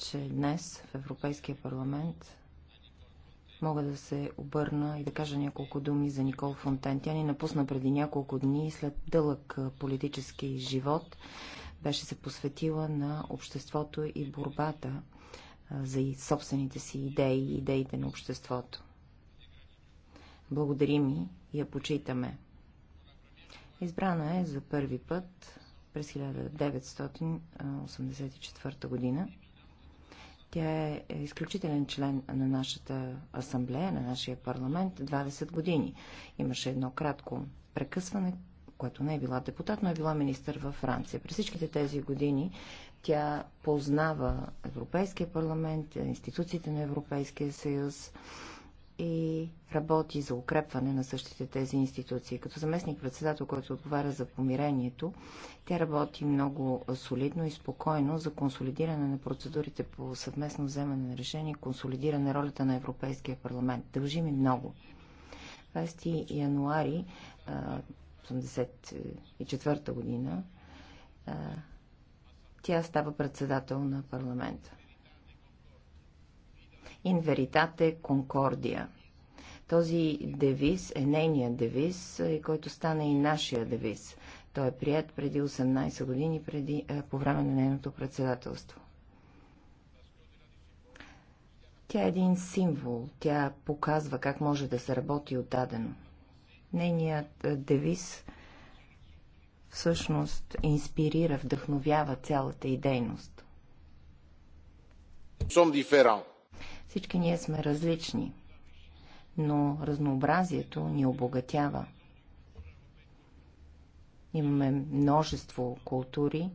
че днес в Европейския парламент мога да се обърна и да кажа няколко думи за Никол Фонтен. Тя ни напусна преди няколко дни след дълъг политически живот. Беше се посветила на обществото и борбата за собствените си идеи и идеите на обществото. Благодарим и я почитаме. Избрана е за първи път през 1984 година тя е изключителен член на нашата асамблея, на нашия парламент 20 години. Имаше едно кратко прекъсване, което не е била депутат, но е била министър във Франция. През всичките тези години тя познава Европейския парламент, институциите на Европейския съюз, и работи за укрепване на същите тези институции. Като заместник-председател, който отговаря за помирението, тя работи много солидно и спокойно за консолидиране на процедурите по съвместно вземане на решение консолидиране ролята на Европейския парламент. Дължи ми много. 20 януари 1984 година тя става председател на парламента. In veritate concordia. Този девиз е нейният девиз, е, който стана и нашия девиз. Той е прият преди 18 години, преди, е, по време на нейното председателство. Тя е един символ. Тя показва как може да се работи отдадено. Нейният е, девиз всъщност инспирира, вдъхновява цялата и дейност. Сом диферент всички ние сме различни, но разнообразието ни обогатява. Имаме множество култури,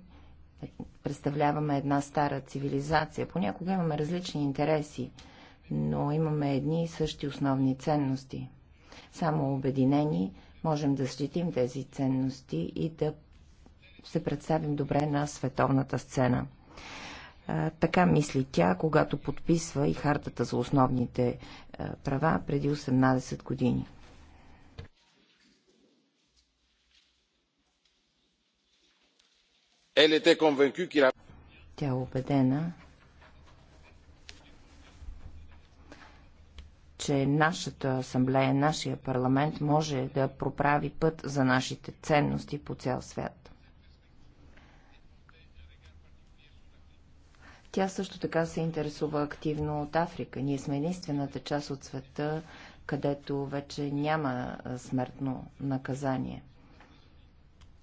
представляваме една стара цивилизация. Понякога имаме различни интереси, но имаме едни и същи основни ценности. Само обединени можем да защитим тези ценности и да се представим добре на световната сцена така мисли тя, когато подписва и хартата за основните е, права преди 18 години. Тя е убедена, че нашата асамблея, нашия парламент може да проправи път за нашите ценности по цял свят. Тя също така се интересува активно от Африка. Ние сме единствената част от света, където вече няма смъртно наказание.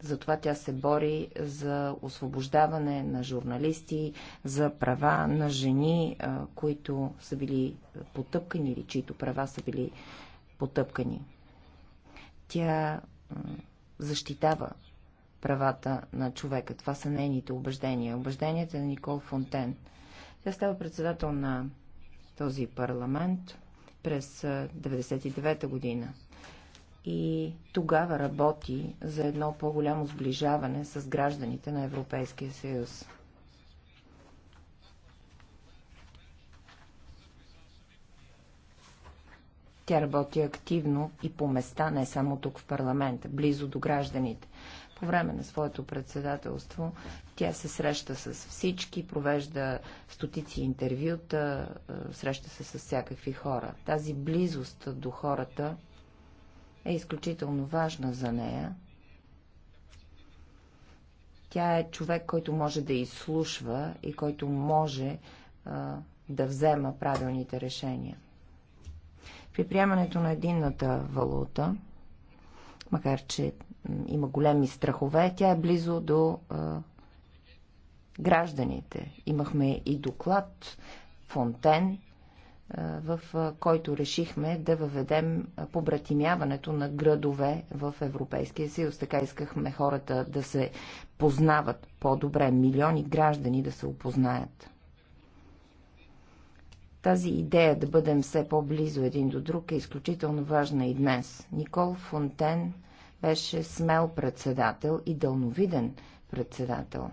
Затова тя се бори за освобождаване на журналисти, за права на жени, които са били потъпкани или чието права са били потъпкани. Тя защитава правата на човека. Това са нейните убеждения. Убежденията на Никол Фонтен. Тя става председател на този парламент през 1999 година. И тогава работи за едно по-голямо сближаване с гражданите на Европейския съюз. Тя работи активно и по места, не само тук в парламента, близо до гражданите. По време на своето председателство тя се среща с всички, провежда стотици интервюта, среща се с всякакви хора. Тази близост до хората е изключително важна за нея. Тя е човек, който може да изслушва и който може а, да взема правилните решения. При приемането на единната валута, макар че има големи страхове, тя е близо до а, гражданите. Имахме и доклад Фонтен, а, в а, който решихме да въведем побратимяването на градове в Европейския съюз. Така искахме хората да се познават по-добре, милиони граждани да се опознаят. Тази идея да бъдем все по-близо един до друг е изключително важна и днес. Никол Фонтен беше смел председател и дълновиден председател.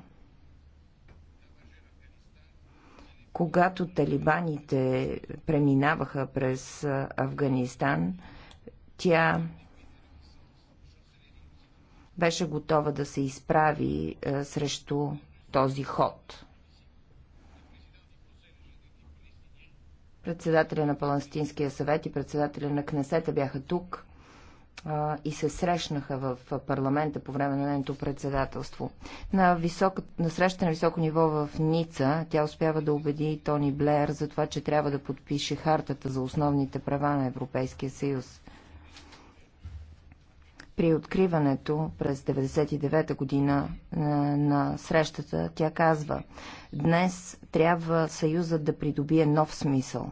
Когато талибаните преминаваха през Афганистан, тя беше готова да се изправи срещу този ход. Председателя на Паланстинския съвет и председателя на Кнесета бяха тук а, и се срещнаха в парламента по време на нейното председателство. На, високо, на среща на високо ниво в Ница тя успява да убеди Тони Блеер за това, че трябва да подпише хартата за основните права на Европейския съюз. При откриването през 99-та година е, на срещата тя казва Днес трябва съюза да придобие нов смисъл.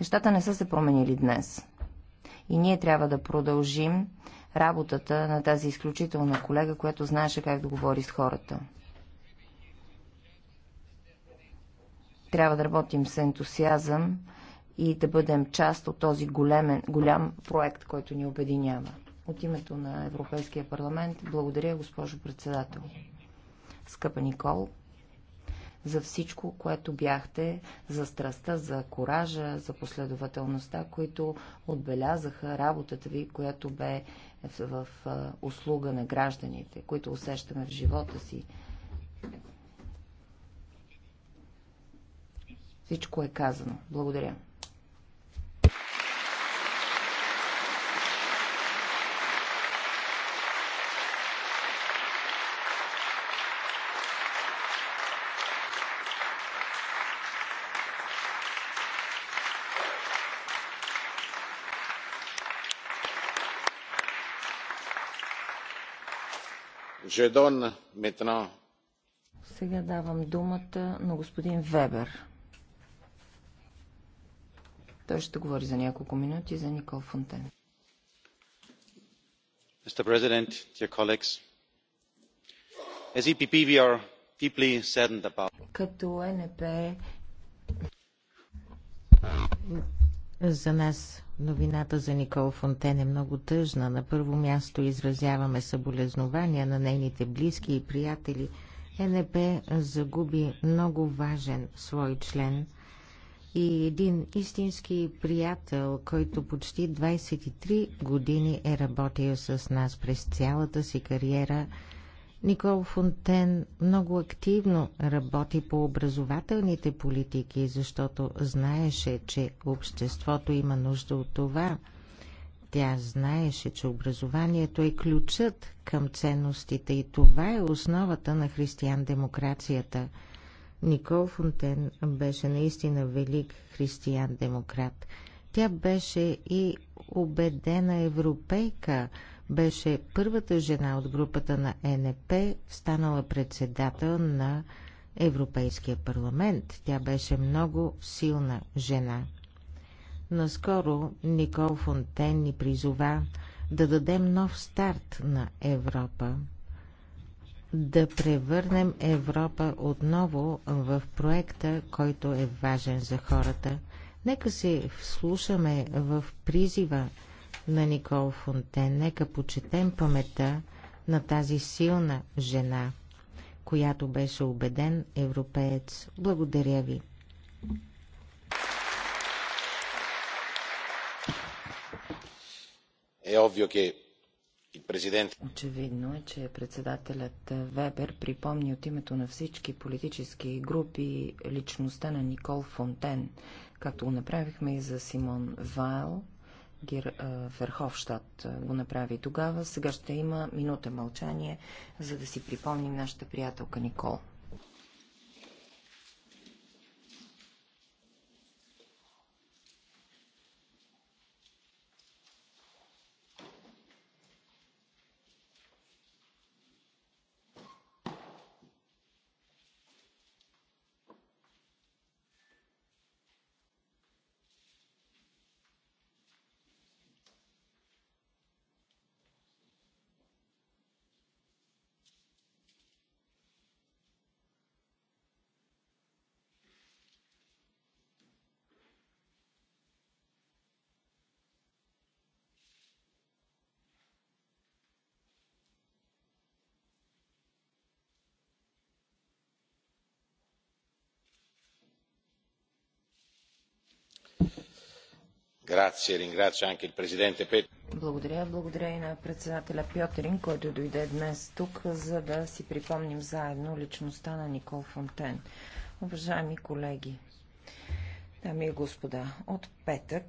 Нещата не са се променили днес. И ние трябва да продължим работата на тази изключителна колега, която знаеше как да говори с хората. Трябва да работим с ентусиазъм, и да бъдем част от този големен, голям проект, който ни обединява. От името на Европейския парламент благодаря, госпожо председател. Скъпа Никол, за всичко, което бяхте, за страста, за коража, за последователността, които отбелязаха работата ви, която бе в услуга на гражданите, които усещаме в живота си. Всичко е казано. Благодаря. Сега давам думата на господин Вебер. Той ще говори за няколко минути за Никол Фонтен. Mr. President, dear colleagues, as EPP we are deeply saddened about. Като е НП е- за нас Новината за Никол Фонтен е много тъжна. На първо място изразяваме съболезнования на нейните близки и приятели. НП загуби много важен свой член и един истински приятел, който почти 23 години е работил с нас през цялата си кариера – Никол Фонтен много активно работи по образователните политики, защото знаеше, че обществото има нужда от това. Тя знаеше, че образованието е ключът към ценностите и това е основата на християн-демокрацията. Никол Фонтен беше наистина велик християн-демократ – тя беше и убедена европейка, беше първата жена от групата на НП, станала председател на Европейския парламент. Тя беше много силна жена. Наскоро Никол Фонтен ни призова да дадем нов старт на Европа, да превърнем Европа отново в проекта, който е важен за хората – Нека се вслушаме в призива на Никол Фонтен, нека почетем памета на тази силна жена, която беше убеден европеец. Благодаря ви. Е Очевидно е, че председателят Вебер припомни от името на всички политически групи личността на Никол Фонтен, както го направихме и за Симон Вайл, Гир Верховщад го направи тогава. Сега ще има минута мълчание, за да си припомним нашата приятелка Никол. Благодаря. Благодаря и на председателя Пьотерин, който дойде днес тук, за да си припомним заедно личността на Никол Фонтен. Уважаеми колеги, дами и господа, от петък